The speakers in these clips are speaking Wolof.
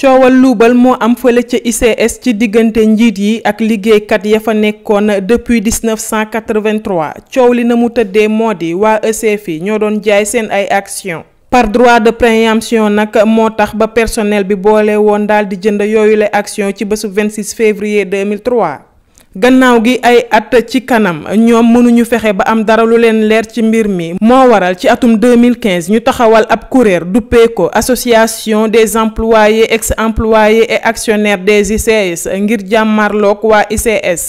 coowal luubal moo am fële ca ICS ci diggante njiit yi ak liggéeykat ya fa nekkoon depuis 1983 coow li na mu tëddee moo di waa ECFI ñoo doon jaay seen ay action par droit de préemption nag moo tax ba personnel bi boole woon daal di jënd yooyu la action ci bésu 26 février 2003 gannaaw gi ay at ci kanam ñoom mënuñu fexe ba am dara lu leen leer ci mbir mi moo waral ci atum 2015 ñu taxawal ab kuréel duppee ko association des emplois ex employés et actionnaires des ICS ngir jàmmarloog waa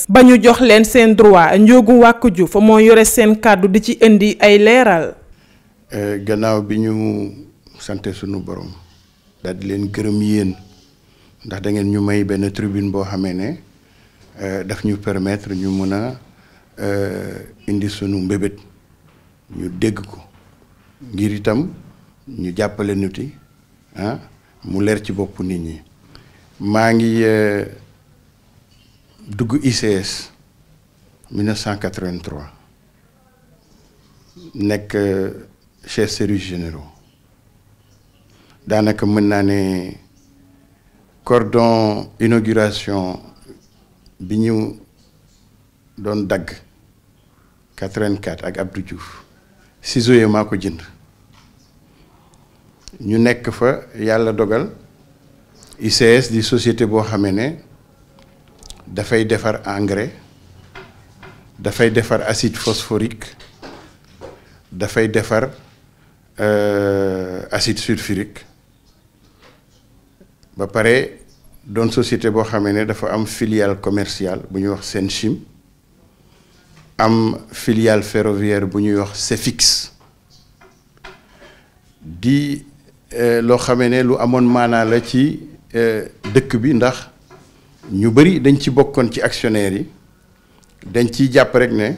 ba ñu jox leen seen droit Ndiogou Wack fa moo yore seen kàddu di ci indi ay leeral. Euh, gannaaw bi ñu sante sunu borom daal leen gërëm yéen ndax da ñu may benn tribune boo xamee ne. Euh, daf ñu permettre ñu mën a euh, indi sunu mbébét ñu dégg ko ngir itam ñu jàppale nuti ah, mu leer ci boppu nit ñi maa ngi euh, dugg ICS 1983 nekk chef service généraux daanaka mën naa ne cordon inauguration bi ñu doon dagg 84 ak Abdou Diouf ciseaux maa ko jënd ñu nekk fa yàlla dogal ICS di société boo xamee ne dafay defar engrais dafay defar acide phosphorique dafay defar euh, acide sulfurique ba pare doon société boo xamee ne dafa am filiale commerciale bu ñuy wax seen Senchim am filiale ferroviaire bu ñuy wax Cefix di euh, loo xamee ne lu amoon maanaala la ci euh, dëkk bi ndax ñu bëri dañ ci bokkoon ci actionnaires yi dañ ciy jàpp rek ne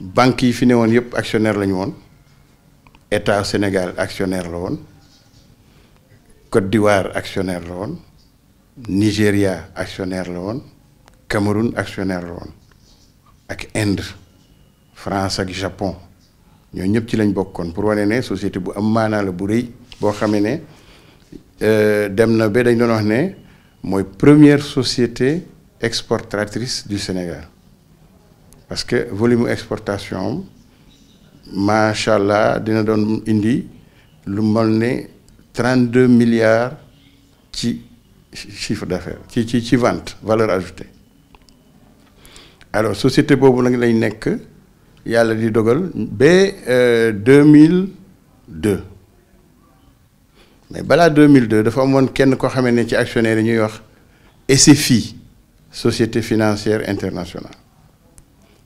banque yi fi ne woon yëpp actionnaire la woon état Sénégal actionnaire la woon Côte d'Ivoire actionnaire la woon nigeria actionnaire la woon Cameroun actionnaire la woon ak Inde France ak Japon ñoo ñëpp ci lañ bokkoon pour wane ne société bu am maanaa bu rëy boo xamee ne euh, dem na ba dañ doon wax ne mooy première societé exportatrice du Sénégal parce que volume exportation am macha allah dina doon indi lu mal ne 32 milliards ci. chiffre d'affaires ci ci ci vente valeur ajoutée alors société boobu nag lañ nekk yàlla di dogal ba euh, deux mille deux mais balaa deux mille deux dafa amoon kenn koo xamee ne ci actionnaire yi ñuy wax SFI société financière internationale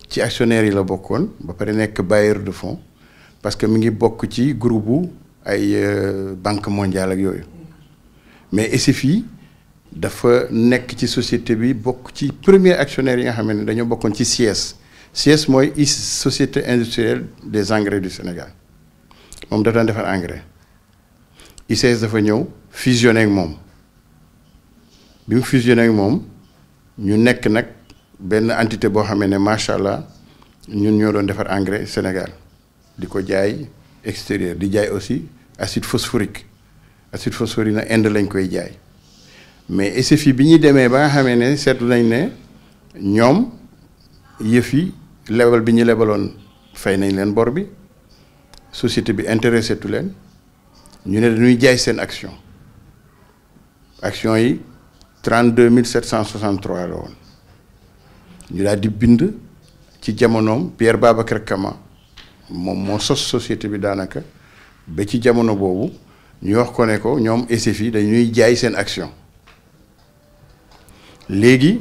ci actionnaire yi la bokkoon ba pare nekk bailleur de fonds parce que mi ngi bokk ci groupe bu ay euh, banque mondiale ak yooyu mais SFI dafa nekk ci société bi bokk ci premier actionnaire yi nga xam ne dañoo bokkoon ci SIES SIES mooy is société industrielle des engrais du Sénégal moom daf daan defar engrais ICS e dafa ñëw fusionné moom bi mu fusionné moom ñu nekk nag benn entité boo xamee ne macha allah ñun ñoo doon defar engrais Sénégal di ko jaay extérieur di jaay aussi acide phosphorique acide phosphorique na Inde lañ koy jaay. mais SFI bi ñuy demee ba nga xamee ne seetlu nañ ne ñoom yëf yi lebal bi ñu lebaloon fay nañ leen bor bi société bi intéressé tu leen ñu ne dañuy jaay seen action action yi 32 763 la woon ñu daal di bind ci jamonoom Pierre Babacar Kama moom moo sos société bi daanaka ba ci jamono boobu ñu wax ko ne ko ñoom SFI dañuy jaay seen action léegi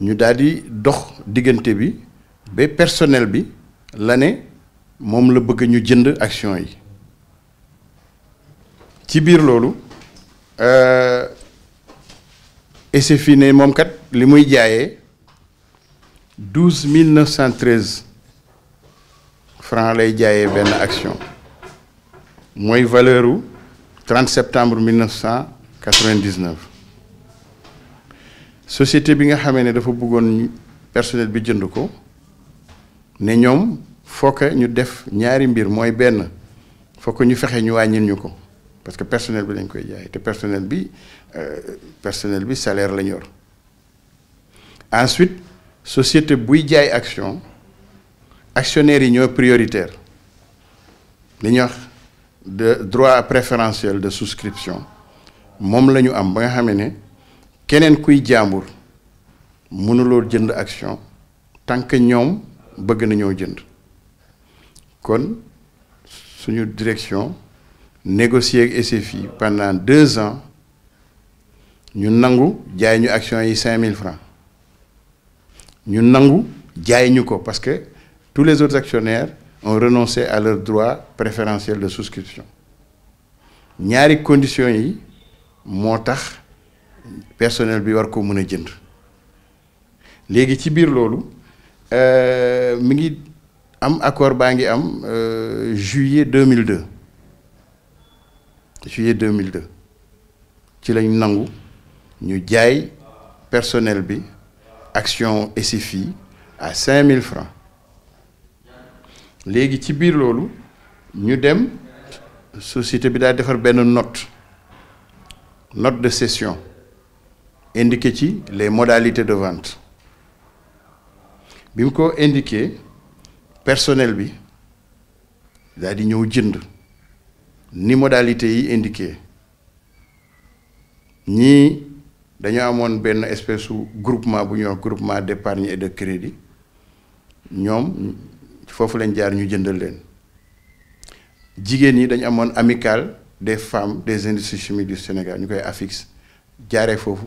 ñu daal dox diggante bi ba personnel bi la ne moom la bëgg ñu jënd action yi ci biir loolu euh, SFI ne moom kat li muy jaayee douze mille neuf cent lay jaaye benn action mooy valeur u 30 septembre 1999 société bi nga xamee ne dafa bëggoon personnel bi jënd ko ne ñoom fokk ñu def ñaari mbir mooy benn fokk ñu fexe ñu wàññil ñu ko parce que personnel bi lañ koy jaay te personnel bi euh, personnel bi salaire lañ yor ensuite société buy jaay action actionnaires yi ñoo prioritaire li ñuy wax de droit préférentiel de souscription moom la ñu am ba nga xamee ne keneen kuy jaambur mënuloo jënd action tant que ñoom bëgg nañoo jënd kon suñu direction négocier ak SFI pendant deux ans ñu nangu jaay ñu action yi cinq mille francs ñu nangu jaay ñu ko parce que tous les autres actionnaires ont renoncé à leur droit préférentiel de souscription ñaari conditions yi moo tax personnel bi war ko mën a jënd léegi ci biir loolu euh, mi ngi am accord baa ngi am euh, juillet 2002 juillet 2002 ci lañ nangu ñu jaay personnel bi action si SFI à cinq mille francs léegi ci biir loolu ñu dem société bi daal defar benn note note de session indiqué ci les modalités de vente bi mu ko indiqué personnel bi daal di ñëw jënd ni modalités yi indiqué ñii dañoo amoon benn espèce groupement bu ñuy wax groupement d'épargne et de crédit ñoom foofu lañ jaar ñu jëndal leen jigéen ñi dañu amoon amicale des femmes des industries chimiques du Sénégal ñu koy affix jaaree foofu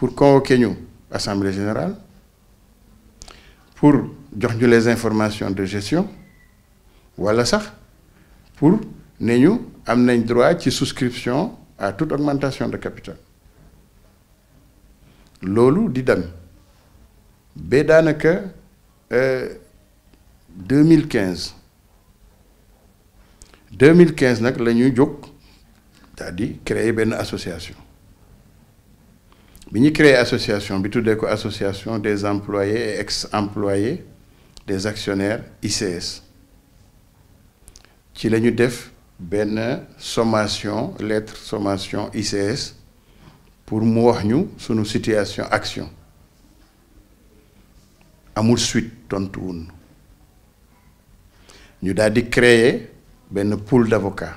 pour convoquer ñu assemblée général pour jox ñu les informations de gestion walla sax pour ne ñu am nañ droit ci souscription à toute augmentation de capital loolu di dem ba daanaka 2015 euh, 2015 nag la ñuy jóg c'est-à-dire créer benn association bi ñu créé association bi tuddee ko association des employés et ex employés des actionnaires ICS ci la ñu def benn sommation lettre sommation ICS pour mu wax ñu sunu situation action amul suite tontu ñu daal di créer benn pool d'avocat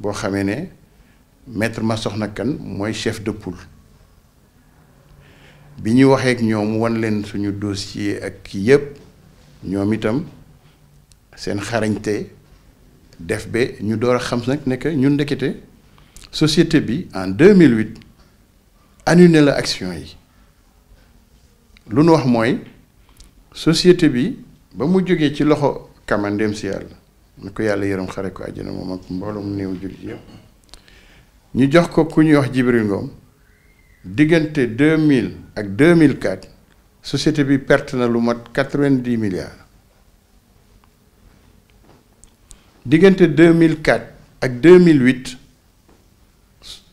boo xamee ne maître Massokhna kan mooy chef de pool bi ñu waxee ak ñoom wan leen suñu dossier ak kii yëpp ñoom itam seen xarañte def ba ñu door a xam nag ne ñun ndekete société bi en 2008 annulé la action yi lu nu wax mooy société bi ba mu jógee ci loxo kamandem si yàlla na ko yàlla yërëm xare ko àjjana moom ak mbooloo mu néew jullit yëpp ñu jox ko ku ñuy wax Jibril Ngom diggante deux mille ak deux mille quatre société bi perte na lu mat quatre-vingt-dix milliards diggante deux mille quatre ak deux mille huit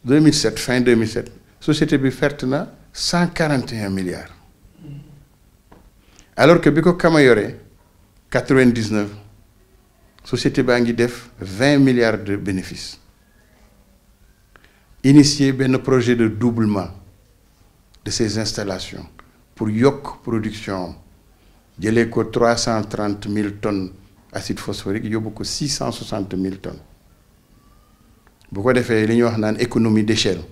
deux mille sept fin deux mille sept société bi perte na cent quarante et un milliards alors que bi ko kama yore quatre-vingt-dix-neuf société baa ngi def vingt milliards de bénéfice initier benn projet de doublement de ces installations pour yokk production jëlee ko trois cent trente mille tonnes acide phosphorique yóbbu ko six cent soixante mille tonnes bu ko defee li ñuy wax naan économie d'échelle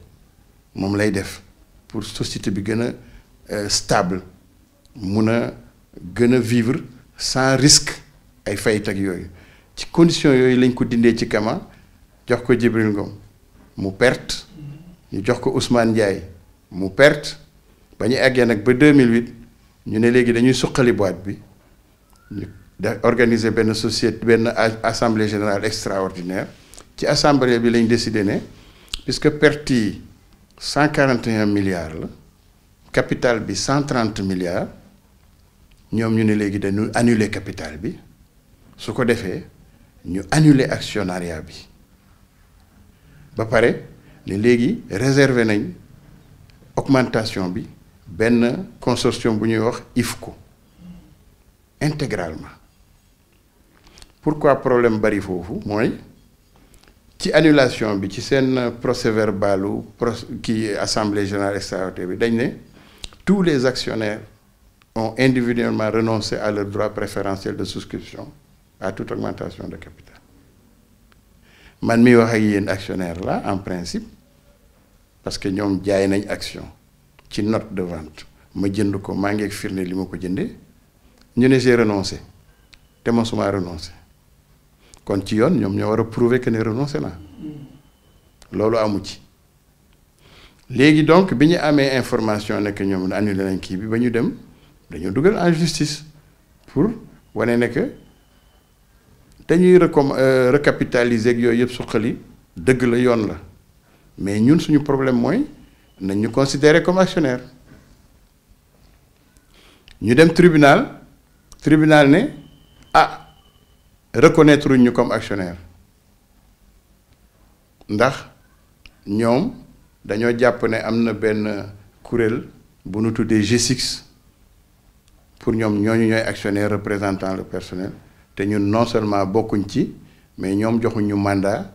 moom lay def pour société bi gën a euh, stable mun a gën a vivre sans risque ay fayit yooyu ci condition yooyu lañ ko dindee ci kama jox ko Jibril Ngom mu perte ñu jox ko Ousmane Ndiaye mu perte ba ñu eggee nag ba mille 2008 ñu ne léegi dañuy suqali boîte bi ñu da organiser benn société benn assemblée générale extraordinaire ci assemblée bi lañ décidé ne puisque perte yi 141 milliards la capital bi 130 milliards ñoom ñu ne léegi dañu annuler capital bi su ko defee ñu annuler actionnariat bi ba pare. ne léegi réservé nañ augmentation bi benn consortium bu ñuy wax IFCO intégralement pourquoi problème bari foofu mooy ci annulation bi ci seen procès verbalu pro kii assemblée générale extraordinaire bi dañ ne tous les actionnaires ont individuellement renoncé à leur droit préférentiel de souscription à toute augmentation de capital man mi wax a yéen actionnaire la en principe parce que ñoom jaay nañ action ci note de vente ma jënd ko maa ngee ak firnde li ma ko jënde ñu ne j'ai renoncé te ma suma renoncé kon ci yoon ñoom ñoo war a prouver que ne renoncé naa loolu amu ci léegi donc bi ñu amee information nekk ñoom annulé nañ kii bi ba ñu dem dañoo dugal en justice pour wane ne que dañuy recom euh, recapitaliser ak yooyu yëpp suqali dëgg la yoon la. mais ñun suñu problème mooy nañ ñu considérer comme actionnaire ñu dem tribunal tribunal ne ah reconnaître ñu comme actionnaire ndax ñoom dañoo jàpp ne am na benn kuréel bu nu tuddee G6 pour ñoom ñooñu ñooy actionnaire représentant le personnel te ñun non seulement bokkuñ ci mais ñoom joxuñu mandat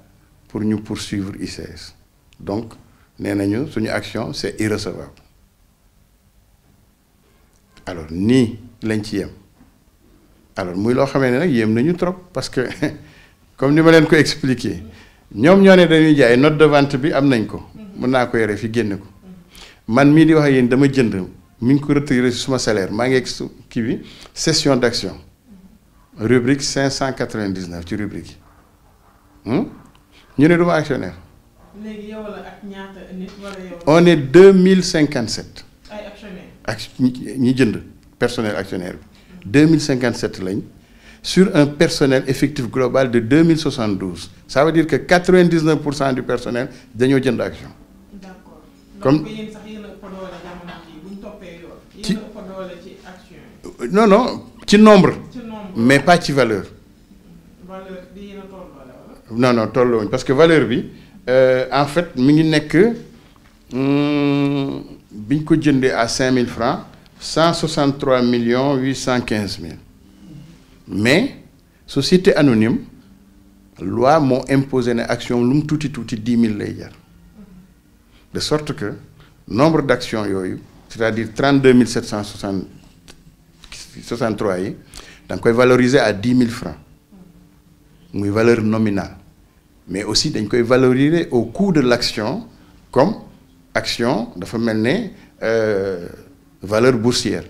pour ñu poursuivre ICS donc nee nañu suñu action c'est irrecevable alors nii lañ ci yem alors muy loo xamee ne nag yéem nañu trop parce que comme ni ma leen ko expliquer ñoom ñoo ne dañuy jaay note de vente bi am nañ ko mhm. mën naa ko yore fi génne ko man mii di wax ak yéen dama jënd mi ngi ko retiré suma salaire maa ngi egg kii bi session d'action rubrique 599 ci rubrique hmm? ñu ne duma actionnaire léegi yow deux mille cinquante sept. ay actionnaires. ñi jënd personnel actionnaire bi. deux mille cinquante sept lañ sur un personnel effectif global de deux mille soixante douze. ça veut dire que quatre vingt dix neuf pour cent du personnel dañoo jënd action. d' accord euh, ci nombre. mais pas ci valeur. valeur bi yéen a toll parce que valeur bi. Euh, en fait mi ngi nekk hmm, bi ñu ko jëndee à cinq mille francs cent soixante trois millions cent quinze mille mais société anonyme loi moo imposé ne action lu mu tuuti tuuti dix mille lay jar de sorte que nombre d' yooyu c'est-à-dire trente deux mille sept cent soixante soixante yi da nga koy valoriser à dix mille francs muy valeur nominale. mais aussi dañ koy valoriser au coût de l'action comme action dafa mel ne euh, valeur boursière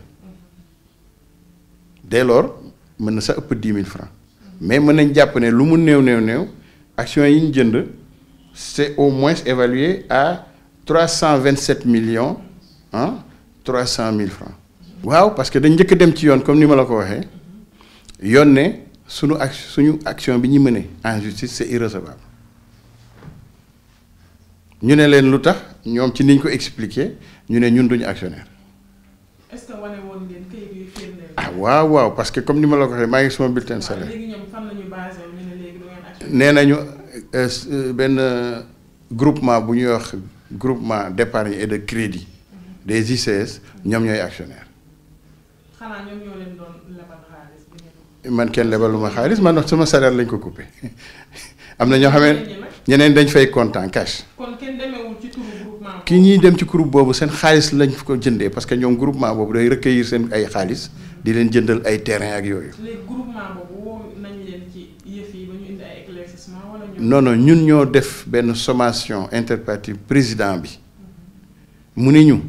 dès lors mën na sa ëpp dix mille francs mais mën nañ jàpp ne lu mu néew néew néew action yi ñu jënd c'est au moins évaluer à trois cent vingt-sept millions ah trois cent mille francs waaw parce que dañ njëkk dem ci yoon comme ni ma la ko waxee yoon ne suñu action suñu action bi ñu mënee en justice c'est irrecevable ñu ne leen lu tax ñoom ci niñ ko expliqué ñu ne ñun duñu actionnaire. Ah, waaw waaw parce que comme ni ma la ko waxee maa ngi sama bulletin salaire. léegi ñu nee nañu euh, euh, benn euh, groupement bu ñuy wax groupement d'épargne et de crédit. des ICS ñoom ñooy actionnaire. xanaa ñoom ñoo xaalis. man kenn lebaluma xaalis man sama salaire lañ ko coupé am na ñoo xamee. ñeneen dañ fay kontaan cash. ki ñuy dem ci groupe boobu seen xaalis lañ ko jëndee parce que ñoom groupement boobu day recueillir seen ay xaalis di leen jëndal ay terrain ak yooyu. léegi ñun ñoo def benn sommation interparti président bi mu ne ñu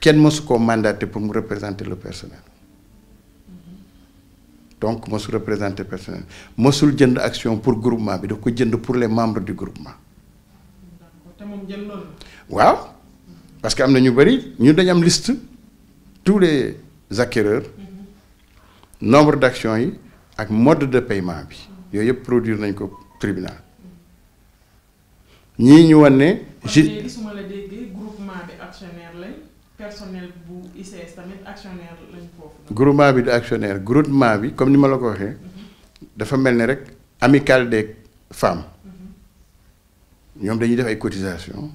kenn mësu ko mandaté pour mu représenter le personnel. donc mosul représenté personnel mosul jënd action pour groupement bi daf ko jënd pour les membres du groupement. waaw parce que am na ñu bëri ñu dañ am liste tous les acquéreurs nombre d' actions yi ak mode de paiement bi yooyu yëpp produire nañ ko tribunal ñii ñu wan ne. groupement personnel groupement bi du actionnaire groupement bi comme ni ma la ko waxee. Mhm. dafa mel ni rek amicale des femmes. Mhm. ñoom dañuy def ay cotisation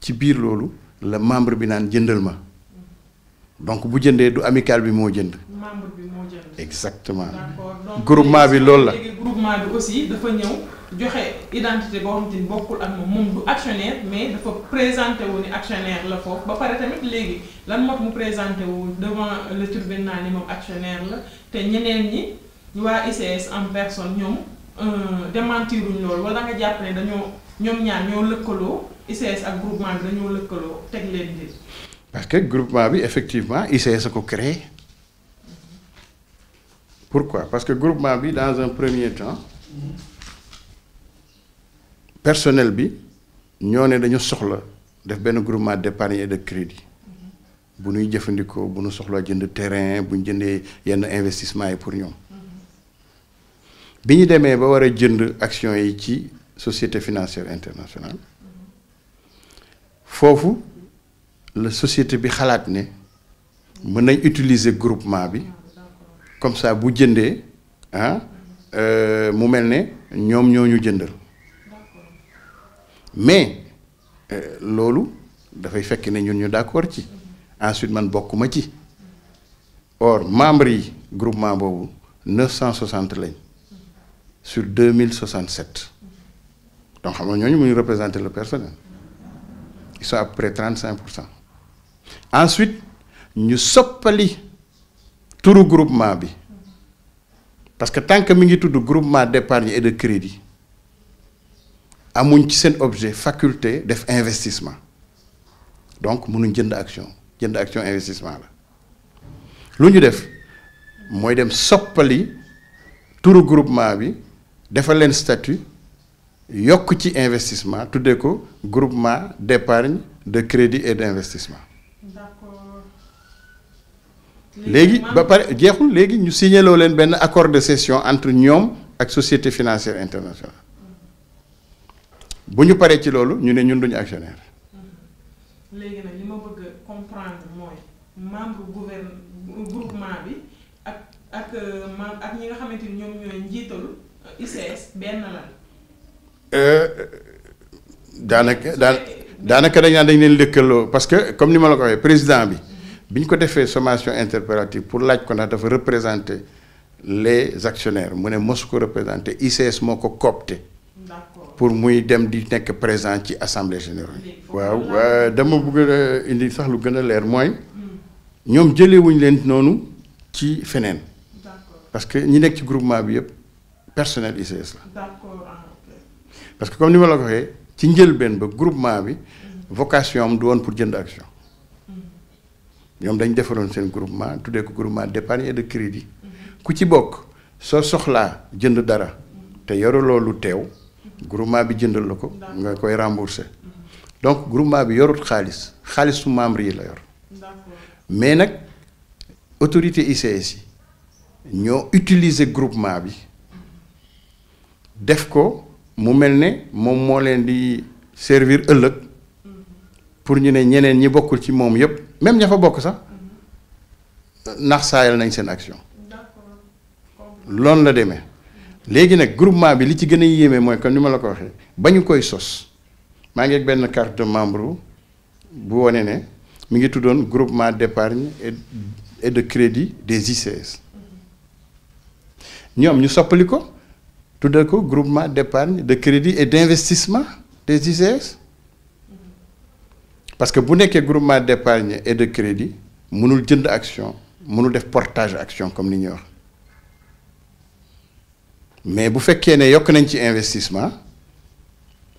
ci biir loolu la membre bi naan jëndal ma. Mhm. donc bu jëndee du amicale bi moo jënd. membre groupement bi loolu la. joxe identité boo xam bokkul ak moom moom du actionnaire mais dafa présenté wu ni actionnaire la foofu ba pare tamit léegi lan moo mu présenté wu devant le naa ni moom actionnaire la te ñeneen ñi waa ICS en personne ñoom euh, démentiruñ loolu wala nga jàpp ne dañoo ñoom ñaar ñoo lëkkaloo ICS ak groupement bi dañoo lëkkaloo teg leen di parce que groupement bi effectivement ICS a ko créé mm-hmm. pourquoi parce que groupement bi dans un premier temps. Mm-hmm. personnel bi ñoo ne dañu soxla def benn groupement d'épargne et de crédit bu ñuy jëfandikoo bu nu soxla jënd terrain bu jëndee yenn investissement yi pour ñoom bi ñu demee ba war a jënd action yi ci société financière internationale foofu la société bi xalaat ne mën nañ utiliser groupement bi comme ça bu jëndee ah euh, mu mel ne ñoom ñoo ñu jëndal. mais euh, loolu dafay fekk ne ñun ñu d'accord ci ensuite man bokkuma ci or membres yi groupement boobu neuf cent soixante lañ sur deux mille soixante sept donc xam nga ñooñu mënuñu représenter le personnel ils sont près trente cinq pour cent ensuite ñu soppali turu groupement bi parce que tant que mi ngi tudd groupement d'épargne et de crédit amuñ ci seen objet faculté def investissement donc mënuñ jënd action jënd action investissement la lu ñu def mooy dem soppali turu groupement bi defal leen statut yokk ci investissement tuddee ko groupement d'épargne de crédit et d'investissement. d'accord. léegi ba pare jeexul léegi ñu signéloo leen benn accord de session entre ñoom ak société financière internationale. bu ñu paree ci loolu ñu ne ñun duñu actionnaire. léegi nag li ma bëgg comprendre mooy membre gouvernement bi ak ak ak ñi nga xamante ni ñoom ñooy njiitalu ICS benn la. Euh, daanaka daan daanaka dañ naan dañ leen lëkkaloo parce que comme ni ma la ko waxee président bi bi ñu ko defee sommation interpellative pour laaj ko ndax dafa représenter les actionnaires mu ne mosu ko représenter ICS moo ko coopté. pour muy dem di nekk présent ci assemblée générale waaw dama bëgg a indi sax lu gën a leer mooy ñoom jëlewuñ leen noonu ci feneen parce que ñi nekk ci groupement bi yëpp personnel ICS la ah, parce que comme ni ma la ko waxee ci njëlbeen ba groupement bi vocation am du woon pour jënd action ñoom dañ defaroon seen groupement tuddee ko groupement d'épargne et de crédit mhm. ku ci bokk soo soxlaa jënd dara te yore loolu teew groupement bi jëndal la ko nga koy rembourser donc groupement bi yorut xaalis xaalisu membre yi la yor mais nag autorité ICS yi ñoo utiliser groupement bi def ko mu mel ne moom moo leen di servir ëllëg pour ñu ne ñeneen ñi bokkul ci moom yëpp même ña fa bokk sax mhm. nax saayal nañ seen action loolu la demee léegi nag groupement bi li ci gën a yéeme mooy comme ni ma la ko waxee ba ñu koy sos maa ngi benn carte de membre bu wone ne mi ngi tuddoon groupement d'épargne et de crédit des ICS ñoom ñu soppali ko tuddal ko groupement d'épargne de crédit et d'investissement des ICS parce que bu nekkee groupement d'épargne et de crédit mënul jënd action mënul def portage action comme ni ñuy wax. mais bu fekkee ne yokk nañ ci investissement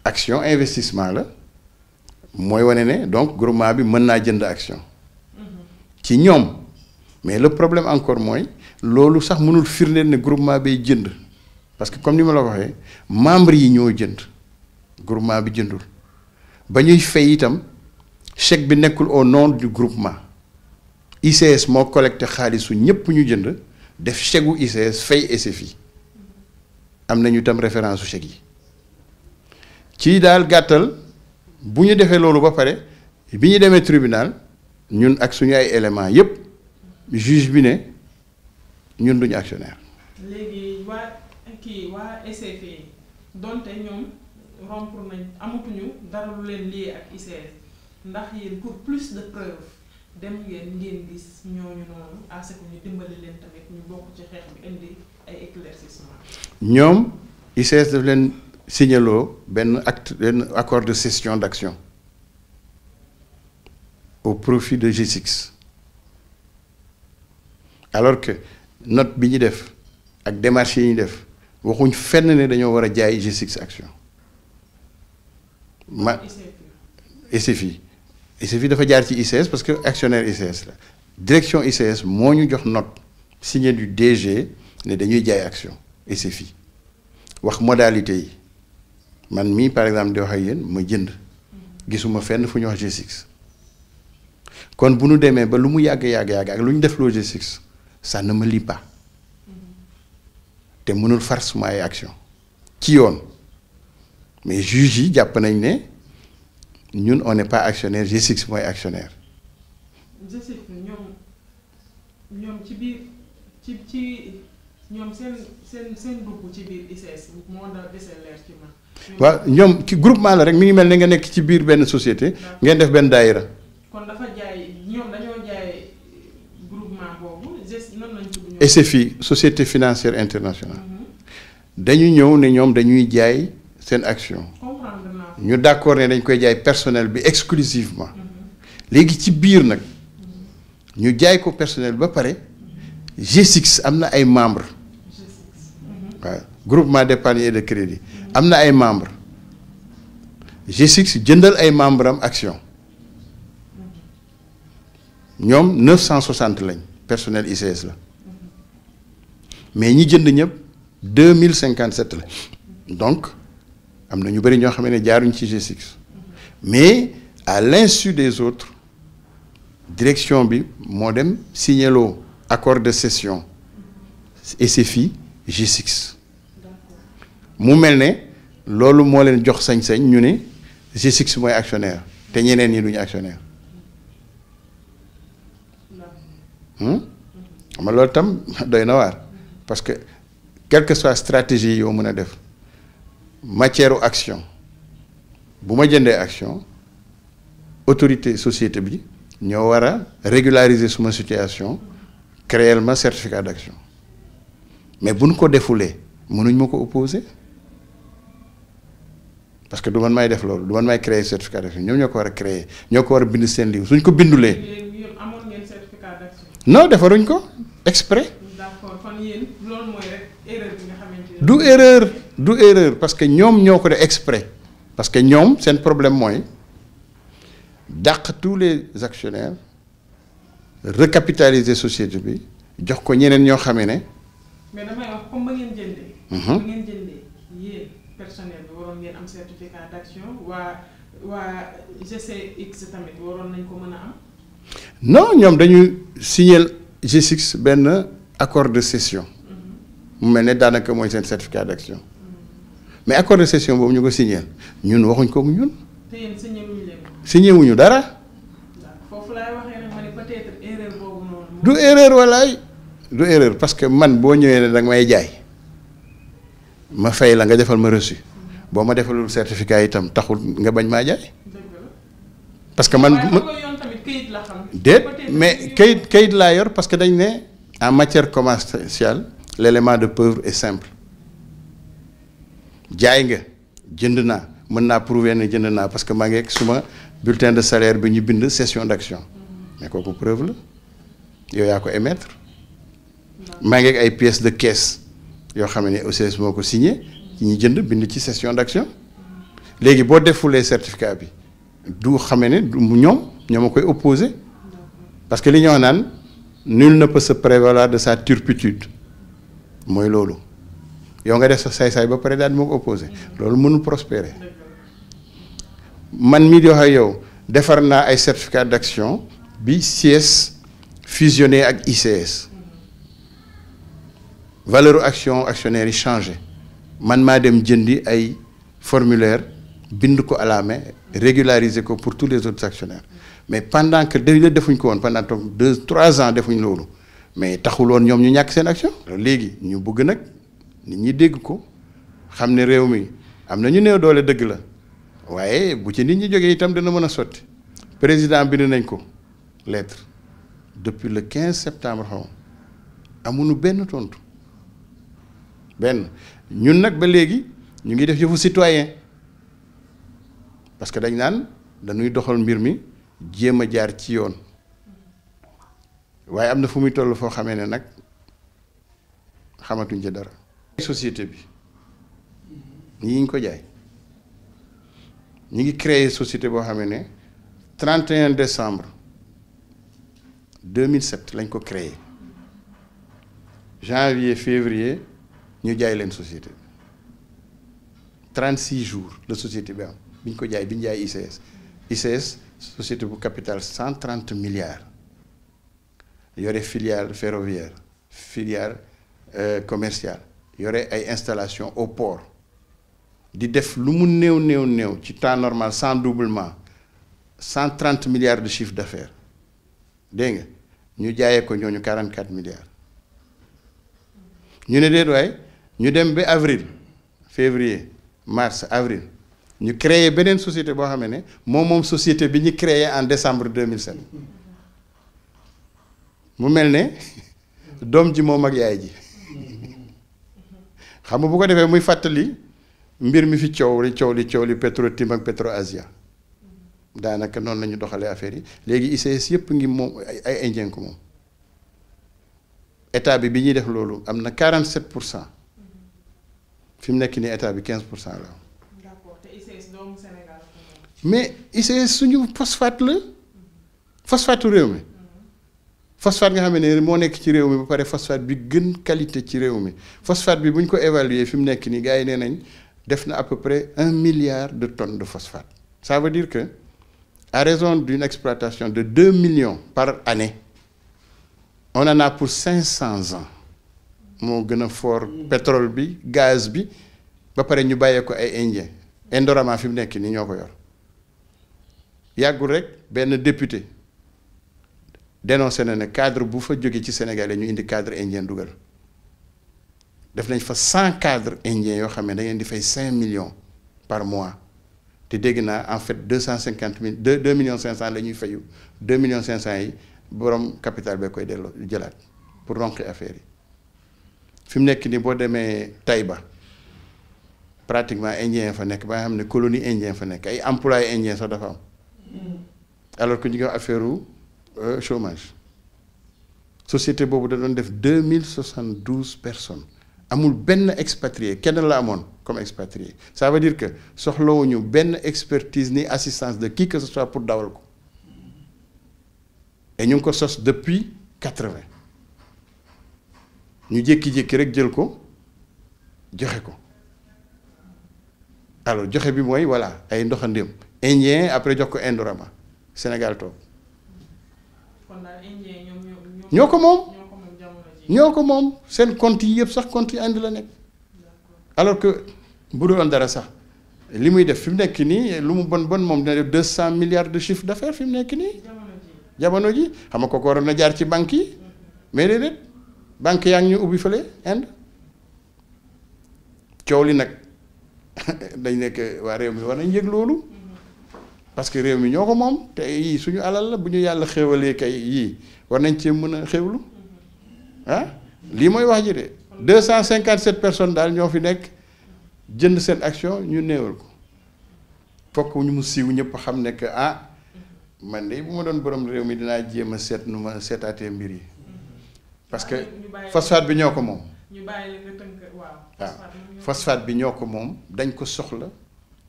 action investissement la mooy wane ne donc groupement bi mën naa jënd action mm-hmm. ci ñoom mais le problème encore mooy loolu sax mënul firndeel ne groupement bay jënd parce que comme ni ma la ko waxee membres yi ñoo jënd groupement bi jëndul ba ñuy fay itam check bi nekkul au nom du groupement ICS moo collecté xaalisu ñëpp ñu jënd def chèque gu ICS fay SFI am nañu itam référence su chèque yi ci daal gàttal bu ñu defee loolu ba pare bi ñu demee tribunal ñun ak suñu ay éléments yépp juge bi ne ñun duñu actionnaire. léegi waa kii waa SFE donte ñoom rompre nañ amatuñu dara lu leen lii ak ICS ndax yéen pour plus de preuves dem ngeen ngeen gis ñooñu noonu à ce dimbali leen tamit ñu bokk ci xeex bi indi. ñoom ICS daf leen signaloo benn acte benn accord de cession d'action au profit de g alors que note bi ñu def ak démarche yi ñu def waxuñ fenn ne dañoo war a jaay G6 action ma SFI SFI dafa jaar ci ICS parce que actionnaire ICS la direction ICS moo ñu jox note signée du DG ne dañuy jaay action et c'est fii wax modalité yi man mii par exemple di wax ak yéen ma jënd gisuma fenn fu ñu wax G6 kon bu nu demee ba lu mu yàgg yàgg yàgg ak lu ñu def loo G6 ça ne me te mënul far suma ay action ci yoon mais juge yi jàpp nañ ne ñun on n'est pas actionnaire G6 mooy actionnaire. ñoom waaw ñoom ci groupement la rek mi ngi mel ni nga nekk ci biir benn société. ngeen def benn daayira. kon société financière internationale. Mhm. dañu ñëw ne ñoom dañuy jaay seen action. ñu d' accord ne dañ koy jaay personnel bi exclusivement mhm. léegi ci biir nag. Mhm. ñu jaay ko personnel ba pare. g am na ay membres waaw groupement d'épargne et de crédit am na ay membres G6 jëndal ay membres am action ñoom 960 lañ personnel ICS la mais ñi jënd ñëpp 2057 la donc am na ñu bëri ñoo xam ne jaaruñ ci g mais à l'insu des autres direction bi moo dem signaloo accord de cession SFI G6 mu mel ne loolu moo leen jox sañ-sañ ñu ni G6 mooy actionnaire te ñeneen ñi duñu actionnaire xam hmm? nga tam doy na waar parce que quelle que soit stratégie yoo mën a def matière action bu ma jëndee action autorité société bi ñoo war a régulariser suma situation créel ma certificat d'action mais bu ñu ko defulee mënuñ ma ko opposer parce que du man may def loolu du man may créer certificat d'action ñoom ñoo ko war a créer ñoo ko war a bind seen livre suñ ko bindulee. amoon defaruñ ko exprès. du erreur du erreur parce que ñoom ñoo ko de exprès parce que ñoom seen problème mooy dàq tous les actionnaires. recapitaliser société bi jox ko ñeneen ñoo xamee ne. mais damay wax comme ba ngeen jëndee. Mhm. ba ngeen jëndee yéen personnel bi waroon ngeen am certificat d'action waa waa GCX tamit waroon nañ ko mën a am. non ñoom dañuy signer GCX benn accord de cession. Mhm. mu mel ne daanaka mooy seen certificat d'action. mais accord de cession boobu ñu ko signer ñun waxuñ ko ñun. te yéen signer wuñu dara. du erreur walaay du erreur parce que man boo ñëwee ne danga may jaay ma fay la nga defal ma reçu boo ma defalul certificat itam taxul nga bañ maa jaay parce que man déet mais kayit kayit laa yor parce que dañ ne en matière commerciale l'élément de preuve est simple jaay nga jënd naa mën naa prouver ne jënd naa parce que maa ngi ak suma bulletin de salaire bi ñu bind session d'action mm-hmm. mais kooku preuve la yow yaa ko émettre maa ngi ay pièces de caisse yoo xam ne OCS moo ko signé ñu jënd bind ci session d'action léegi boo defulee certificat bi du xame ne du ñoom ñoo ma koy opposé parce que li ñoo naan nul ne peut se prévaloir de sa turpitude mooy loolu yow nga def sa saay-saay ba pare daal di ma ko opposé loolu mënul prospérer man mii di wax ak yow defar naa ay certificat d'action bi sies fusionné ak ICS valeur action actionnaire yi changé man maa dem jëndi ay formulaire bind ko à la main ko pour tous les autres actionnaires mais pendant que dañu defuñ ko woon pendant deux trois ans defuñ loolu mais taxul woon ñoom ñu ñàkk seen action. léegi ñu bëgg nag nit ñi dégg ko xam ne réew mi am na ñu ne doole dëgg la waaye bu ci nit ñi jógee itam dana mën a sotti président bind nañ ko lettre. depuis le quinze septembre xaw amuñu benn tontu benn ñun nag ba léegi ñu ngi def yëfu citoyen parce que dañ naan dañuy doxal mbir mi jéem a jaar ci yoon waaye am na fu muy toll foo xamee ne nag xamatuñ ci dara. société bi ñi ñu ko jaay ñu ngi créer société boo xamee ne trente 31 décembre. 2007 lañ ko créé janvier février ñu jaay leen société trent 36 jours la société bi am bi ko jaay bi jaay ICS ICS société bu capital 130 milliards yore filiale ferroviaire filiale euh, commerciale yore ay installation au port di def lu mu néew néew néew ci temps normal sans doublement 130 milliards de chiffre d'affaires dégg nga ñu jaayee ko ñooñu 44 milliards ñu ne déet waaye ñu dem ba avril février mars avril ñu créé beneen société boo xam ne moom moom société bi ñu créé en décembre 2007 mu mel ne doom ji moom ak yaay ji xam nga bu ko defee muy fàttali mbir mi fi coow li coow li coow li Petro Tim ak Petro Asia daanaka noonu lañu ñu doxalee affaire yi léegi ICS yëpp ngi moom ay indien ko moom état bi bi ñuy def loolu am na quarante 47 pour cent fi mu nekk nii état bi quinze pour cent la am. mais ICS suñu phosphate la phosphate réew mi. phosphate nga xam ne moo nekk ci réew mi ba pare phosphate bi gën qualité ci réew mi phosphate bi buñ ko évaluer fi mu nekk nii gars yi nee nañ def na à peu un milliard de tonnes de phosphate ça veut que. à raison d'une exploitation de 2 millions par année on en pour cinq 500 ans moo gën a fort pétrole bi gaz bi ba pare ñu bàyyee ko ay indien Indorama fi mu nekk nii ñoo ko yor yàggul rek benn député dénoncé na ne cadre bu fa jógee ci Sénégal ñu indi cadre indien dugal def nañ fa 100 cadre indiens yoo xam ne da ngeen di fay 5 millions par mois. te dégg naa en fait deux cent cinquante mille deux deux millions cinq cent la ñuy fayu deux millions cinq cent yi borom capital ba koy delloo jëlaat pour ronqi affaire yi fi mu nekk nii boo demee ba pratiquement indien fa nekk ba xam ne colonie indien fa nekk ay emploi indien sax dafa am mm. alors que ñu ngi wax euh, société boobu da doon def deux mille soixante douze personnes. amul benn expatrié kenn la amoon comme expatrié ça veut dire que soxlawuñu benn expertise ni assistance de qui que ce soit pour dawal ko et ñu ngi ko sos depuis quatre-vingt ñu jékki-jékki rek jël ko joxe ko alors joxe bi mooy voilà ay ndoxandéem indien après jox ko Indorama Sénégal toog. ñoo ko moom. ñoo ko moom seen compte yi yëpp sax compte yi indi la nekk alors que bu doon dara sax li muy def fi mu nekk nii lu mu bon bon moom dina def deux cent milliards de chiffre d'affaires fi mu nekk nii jamono ji xam nga kooku waroon na jaar ci banques yi mais déedéet banque yaa ngi ñu ubbi fële Inde coow li nag dañ nekk waa réew mi war nañ yëg loolu parce que réew mi ñoo ko moom te yii suñu alal la bu ñu yàlla xéwalee kay yii war nañ cee mën a xéwlu ah lii mooy wax ji de deux cent cinquante sept personnes daal ñoo fi nekk jënd seen action ñu néewal ko fokk mu siiw ñëpp xam ne ah man de bu ma doon borom réew mi dinaa jéem a seet nu ma seetaatee mbir yi parce que phosphate bi ñoo ko moom. ñu bàyyi bi ñoo ko moom dañ ko soxla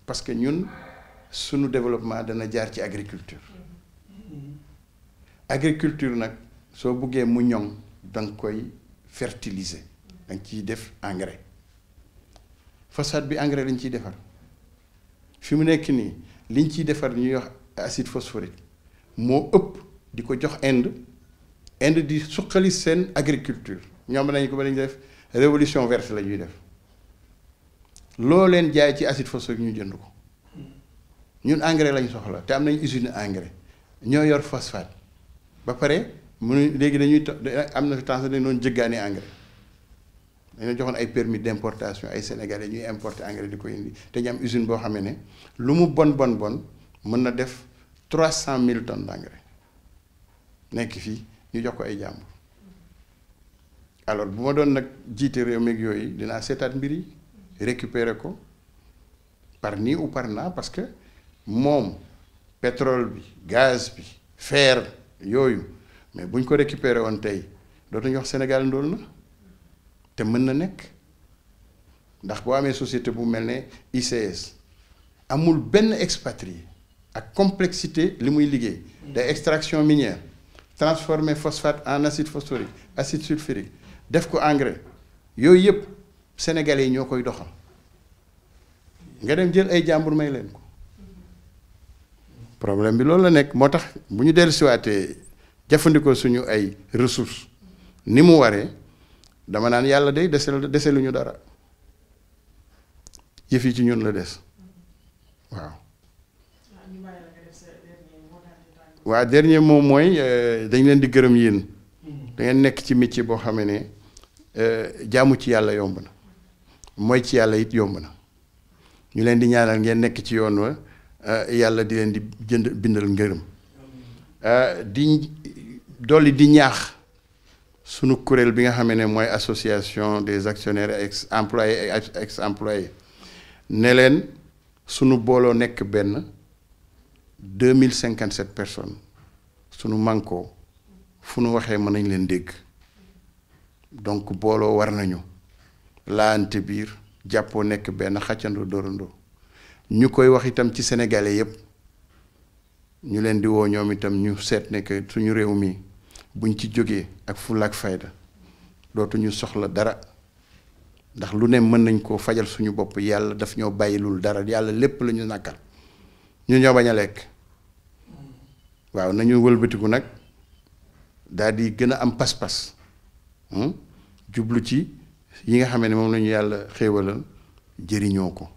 parce que ñun sunu développement dana jaar ci agriculture. Mm-hmm. agriculture nag soo buggee mu ñoŋ. da nga koy fertiliser da nga ciy def engrais phosphate bi engrais lañ ciy defar fi mu nekk nii liñ ciy defar ñuy wax acide phosphorique moo ëpp di ko jox Inde Inde di suqali seen agriculture ñoom nañ ko ba dañuy def révolution verte la ñuy def loo leen jaay ci acide phosphorique ñu jënd ko ñun engrais lañ soxla te am nañ usine engrais ñoo yor phosphate ba pare. mënuñ léegi dañuy am na temps dañu doon jëggaani engrais dañoo joxoon ay permis d'importation ay sénégalais ñuy importer engrais di koy indi te ñu am usine boo xamee ne lu mu bon bon bon mën na def trois cent mille ton d'engrais nekk fii ñu jox ko ay jàmbur alors bu ma doon nag jiite réew meeg yooyu dinaa seetaat mbir yi récupérer ko par nii ou par naa parce que moom pétrole bi gaz bi fer yooyu. mais bu ñu ko récupéré woon tey dootuñu wax Sénégal ndóol na te mën na nekk ndax boo amee société bu mel ne ICS amul benn expatrié ak complexité li muy liggéey day extraction minière transformer phosphate en acide phosphorique acide sulfurique def ko engrais yooyu yëpp sénégalais yi ñoo koy doxal nga dem jël ay jàmbur may leen ko problème bi loolu la nekk moo tax bu ñu dellusiwaatee jëfandikoo suñu ay ressource ni mu waree dama naan yàlla day desel dese lu ñu dara yëf yi ci ñun la des waaw. waa dernier moom mooy euh, dañ leen di gërëm yéen da ngeen nekk ci métier boo xam ne euh, jaamu ci yàlla yomb na mooy ci yàlla yit yomb na ñu leen di ñaanal ngeen nekk ci yoon wa euh, yàlla di leen di jënd bindal ngërëm dolli di ñaax sunu kuréel bi nga xamee ne mooy association des actionnaires ex employés ex employés ne leen sunu booloo nekk benn deux mille cinquante sept personnes sunu mànkoo fu nu waxee mën nañ leen dégg donc booloo war nañu laante biir jàppoo nekk benn xàccandoo dóorandoo ñu koy wax itam ci sénégalais yépp ñu leen di woo ñoom itam ñu seet ne suñu réew mi buñ ci jógee ak fulla ak fayda dootuñu soxla dara ndax lu ne mën nañ koo fajal suñu bopp yàlla daf ñoo bàyyilul dara yàlla lépp lañu nàkkal ñu ñoo bañ a lekk waaw nañu wëlbatiku nag daldi gën a am pas-pas hmm? jublu ci yi nga xamee ne moom la yàlla xéewalal jëriñoo ko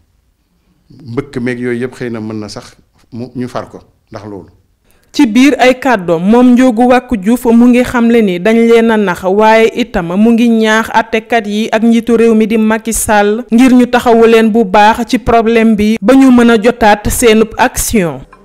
mbëkk meeg yooyu yëpp xëy na mën na sax mu ñu far ko ndax loolu ci biir ay kàddoom moom Ndiogou wàkku Diouf mu ngi xamle ni dañu leen a nax waaye itam mu ngi ñaax àttekat yi ak njiitu réew mi di Macky Sall ngir ñu taxawu leen bu baax ci problème bi ba ñu mën a jotaat seenub action